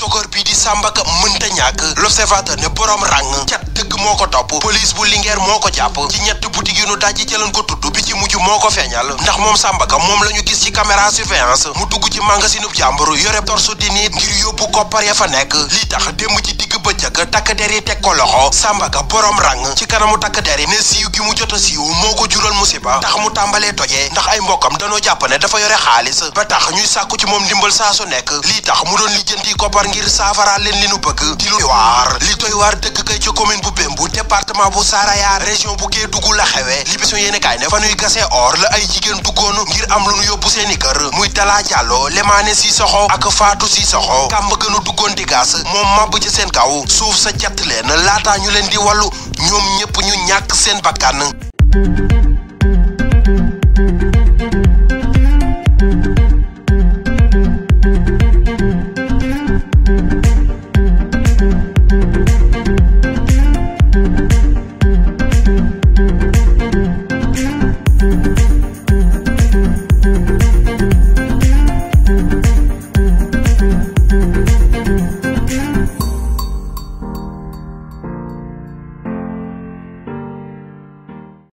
togóor bii di Samba Ka mënta ñàkk l'observateur ne borom rang cat dëgg moo ko topp police bu Linguère moo ko jàpp ci ñett boutique yu nu dajji ca ko tudd bi ci mujj moo ko feeñal ndax moom Samba Ka moom la ñu gis ci caméra surveillance mu dugg ci magasinub jàmbur yore torsu di nit ngir yóbbu koppar ya fa nekk lii tax démb ci digg bëccëg takk der yi teg ko loxo Samba Ka borom rang ci kanamu takk der yi ne siiw gi mu jot a siiw moo ko jural musiba tax mu tàmbalee tojee ndax ay mbokkam danoo jàpp ne dafa yore xaalis ba tax ñuy sàkku ci moom ndimbal saa su nekk lii tax mu doon lijjanti koppar ngir saafara leen li nu bëgg di lu doy waar li doy waar dëkk kay ci commune bu Bembu département bu Saraya région bu Kédougou la xewee Libération yéenekaay ne fa ñuy gasee or la ay jigéen duggoon ngir am lu nu yóbbu seeni kër muy Dala Jàllo Lemaane Sissoko ak Fatou Sissoko kàmb gënu duggoon di gas moom màbb ci seen faaw suuf sa jàtt leen laataa ñu leen di wàllu ñoom ñëpp ñu ñàkk seen bakkan